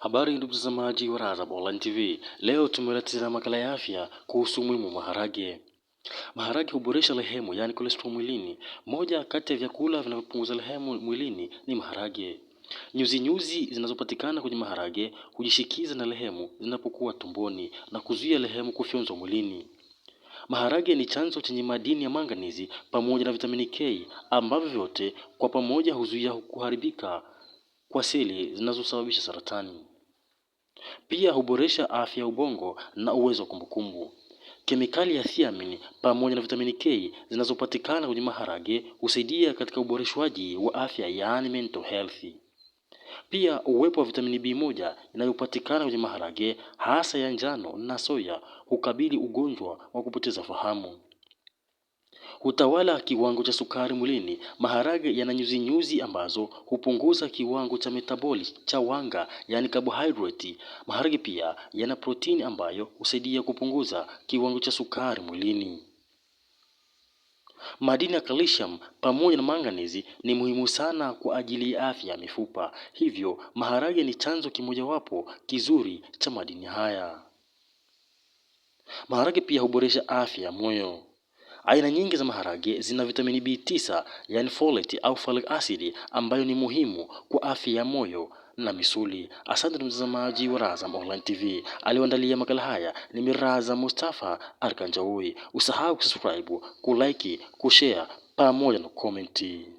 Habari ndugu mtazamaji wa Rahaab Online TV, leo tumeletea makala ya afya kuhusu umuhimu wa maharage. Maharage huboresha lehemu, yaani cholesterol mwilini. Moja kati ya vyakula vinavyopunguza lehemu mwilini ni maharage. Nyuzi nyuzi zinazopatikana kwenye maharage hujishikiza na lehemu zinapokuwa tumboni na kuzuia lehemu kufyonzwa mwilini. Maharage ni chanzo chenye madini ya manganizi pamoja na vitamini K ambavyo vyote kwa pamoja huzuia kuharibika kwa seli zinazosababisha saratani. Pia huboresha afya ya ubongo na uwezo wa kumbukumbu. Kemikali ya thiamini pamoja na vitamini K zinazopatikana kwenye maharage husaidia katika uboreshwaji wa afya, yaani mental health. Pia uwepo wa vitamini B1 inayopatikana kwenye maharage hasa ya njano na soya hukabili ugonjwa wa kupoteza fahamu hutawala kiwango cha sukari mwilini. Maharage yana nyuzinyuzi ambazo hupunguza kiwango cha metaboli cha wanga, yani carbohydrate. Maharage pia yana protini ambayo husaidia kupunguza kiwango cha sukari mwilini. Madini ya calcium pamoja na manganizi ni muhimu sana kwa ajili ya afya ya mifupa, hivyo maharage ni chanzo kimojawapo kizuri cha madini haya. Maharage pia huboresha afya ya moyo. Aina nyingi za maharage zina vitamini B9, yani folate au folic acid ambayo ni muhimu kwa afya ya moyo na misuli. Asante mtazamaji wa Razam Online TV. Aliyoandalia makala haya ni Miraza Mustafa Arkanjaui. Usahau kusubscribe, kulike, kushare pamoja na kukomenti.